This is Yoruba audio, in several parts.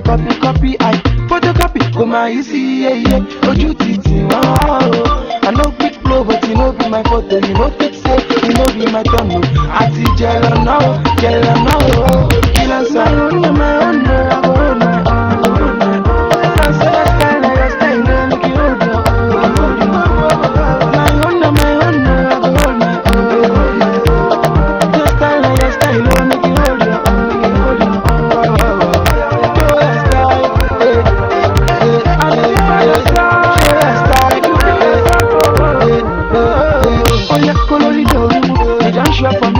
copy copy i photocopy Come máa yí sí iye pressure from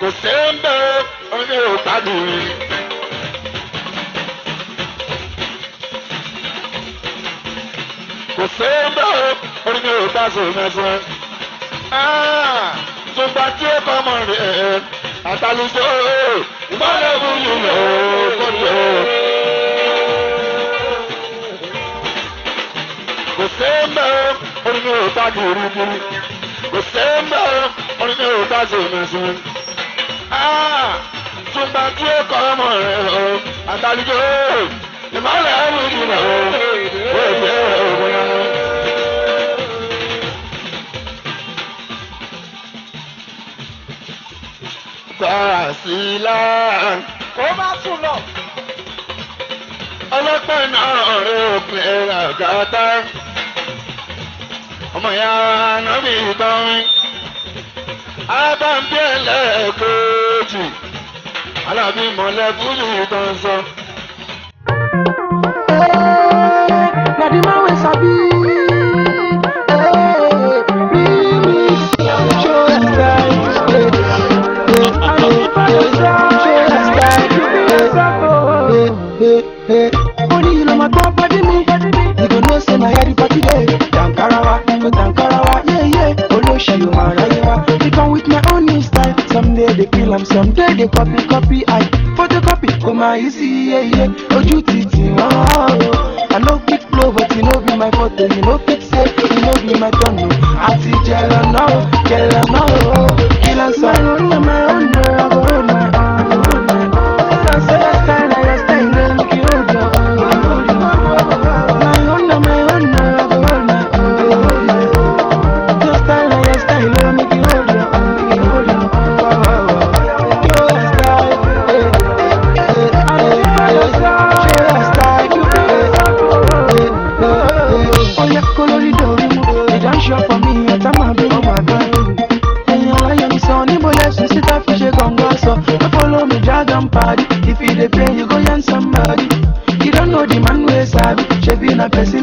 kò sẹ́ńbẹ́ ọ̀rẹ́ ò gbádùn mi. kò sẹ́ńbẹ́ ọ̀rẹ́ ò gbádùn mẹ́sàn. Ah, tùgbà tí ó kọ́ mọ̀ rẹ̀ ẹ̀ àtàlùjọ gbọ́dọ̀ fún mi ò kọ́dọ̀. kò sẹ́ńbẹ́ ọ̀rẹ́ ò gbádùn mi. kò sẹ́ńbẹ́ oníṣẹ́ òótá sí ìmọ̀sí. Ah, Túmbà tí ó kọ́ ọmọ rẹ̀ o, àtàlùjọ o, ìmọ̀lẹ̀ ẹ̀rù ìdìbò o, ó ìfẹ́ òògùn náà. Gbàrà sí má sùn lọ. Ọlọ́pàá náà ọ̀rẹ́ òpin ẹ̀rọ àgàtà. Ọmọ ìyá Anábì tán abambiẹlẹ kejì alábìmọlẹ fújì tó ń sọ. some some dey dey copy copy and photocopy kò máa yí sí iyeye ojú ti tì wọ́n oh. I no fit blow but e no be my fault o, you no fit say e no be my turn o. Oh. Àti jẹ̀lọ̀ náà o, oh, jẹ̀lọ̀ náà o, kí ló ń sọ? Ẹ máa ń lò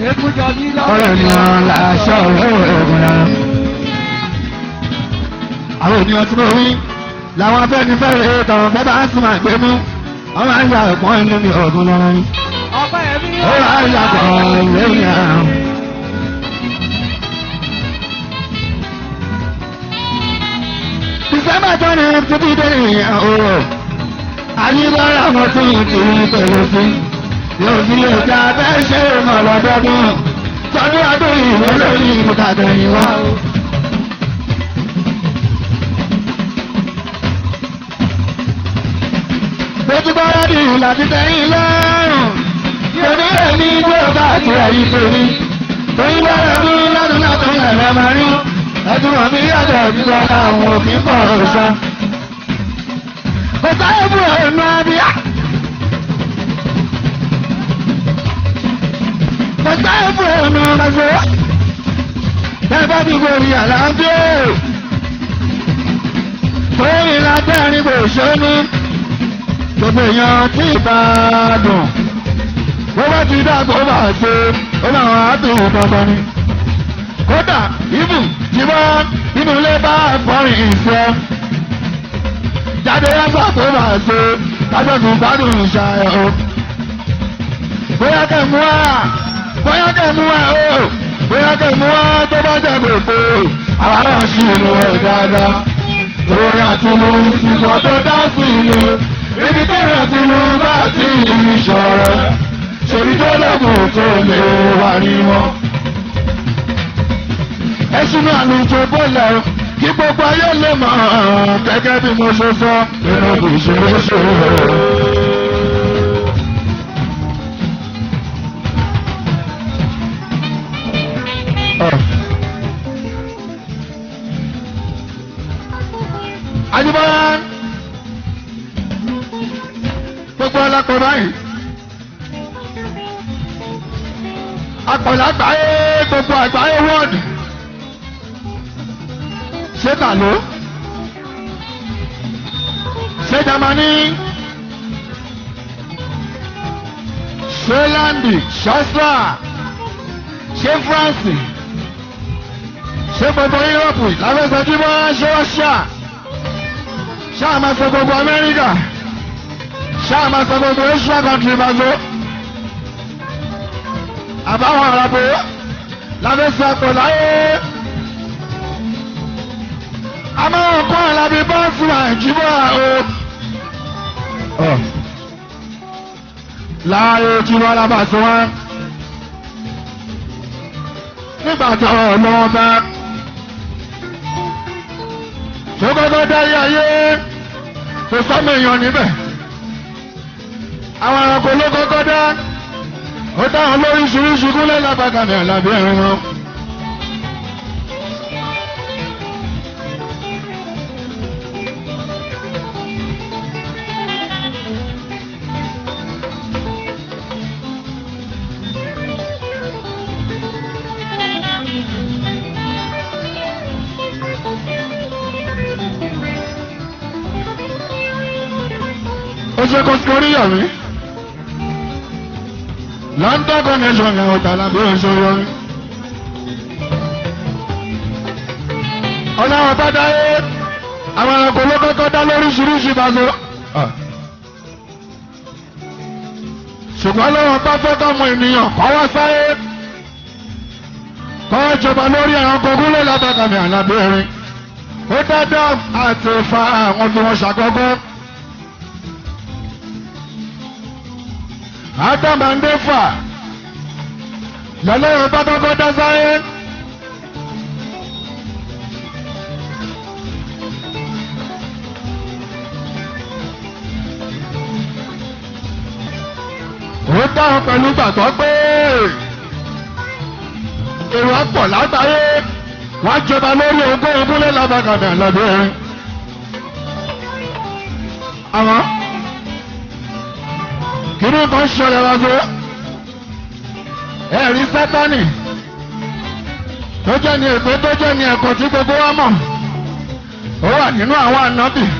ọ̀rọ̀ ènìyàn làṣọ òògùn náà. àwọn ènìyàn tí mo wí làwọn afẹ́nifẹ́re tọ̀rọ̀ bẹ́ẹ̀ bá ń sùn àgbẹ̀ mú wọ́n máa ń ya ọ̀pọ̀ ẹni ní ọ̀gùn lọ́wọ́ ni. ó wà á yà pọ̀ lẹ́yìn àrùn. tó ní títí dé ìyàwó àyílọ́ra mọ́tò ìtìrí pẹ̀lú sí lórí ìta bẹ́ẹ̀ ṣe mọ̀ lọ́dọ́dún tọdún ọdún ìwé lórí ìbùkátà ìwà. Bẹ́tùbárádì láti tẹ̀yìn lọ́rùn. Tòní èmi tó bá tirẹ̀ yìí tòní. Tòní bára dún lọ́dún látún ẹ̀rẹ́ máa rí. Ẹ̀dùn ọ̀mí yàtọ̀ gbígbọ́ àwọn òfin pọ̀ ọ̀sán. Kò sáyé fún ọ̀nà bíi. alágbó bẹ́ẹ̀ bá dìgbò rí àlàáfíà tóyìn lábẹ́rin kò ṣe ní gbogbo èèyàn tí ìbàdàn bó bá ti dàgbò bá ṣe ó láwọn àtòwò dandan ni kódà ibù tí wọ́n nínú ilé bá àfọ̀rìn ìṣe jáde yàtọ̀ tó bá ṣe lájọ́ tó bá dùn ṣàyẹ̀wò bóyá kẹ́ mú wá bóyá tẹ̀ mú wá o bóyá tẹ̀ mú wá tó bá jẹ́ gbèsè àwa náà sì inú ẹ̀ lórí àtinú ìgbà tó dá sí inú ibi tẹ̀rẹ̀ àtinú bá ti ìṣọ̀rẹ́ ṣèlú tó lẹ́bùn tó lè wà ní wọn. ẹ sínú àlùjọ bọ́ọ̀lù ẹ̀rọ kí gbogbo ayé lè mọ̀ gẹ́gẹ́ bí mo ṣe sọ nínú ìṣòro ṣòro. akọ̀lá àgbáyé gbogbo àgbáyé wọ́ọ̀dù ṣé tà ló ṣé jamani ṣé landi ṣọ́sà ṣé France ṣé gbogbo Europe láfẹsẹ̀ tí wọ́n ṣe Russia ṣé àmọ́ ṣe gbogbo America ṣáà máa sọ gbogbo extra country máa lọ àbáwọn àràbò lábẹ́sàpọ̀ láyé amáwọn kọ́ àlàbí bọ́ọ̀sì àìjíbọ̀ o. láàyè tí wọ́n lábà sí wọn nígbà tí ọ̀rọ̀ lọ́wọ́ bá ṣókòtò dá yé ayé tó sọ́mọ èèyàn níbẹ̀ àwọn ẹranko ló kọ́kọ́ dá ó dá lórí ṣuríṣu gúnlẹ̀ lápákanì àlàbí ẹ̀rín wọn. ó ṣe kó London connection yẹn ọ̀tàlá bí o ṣe yọrí. ọlọ́wọ́ tó dáyé àwọn ẹranko ló kọ́kọ́ dá lóríṣiríṣi bàtò. ṣùgbọ́n lọ́wọ́ bá fẹ́ kọ́mọ ènìyàn kọ́wọ́ sáyé kọ́wọ́ jọba lórí ẹranko gúnlẹ̀ lábàkàmì àlábẹ́rin ó dáadáa àti fa àwọn tí wọ́n ṣàkọ́kọ́. àtàmàndéfà lọ́lọ́run bá kọ́kọ́ dá sáyé. ó dáhùn pẹ̀lú gbàgbọ́ pé èrò ọ̀pọ̀ lágbàáyé wọ́n jọba lórí ogún ogún lé lábàkàdà lọ́dún ẹ̀ kìnnì kan ṣọlẹ̀ lọ́dọ̀ ẹ̀rí sátánì tó jẹ́ ní èpè tó jẹ́ ni ẹ̀kọ́ tí gbogbo wa mọ̀ ó wà nínú àwọn ànábì.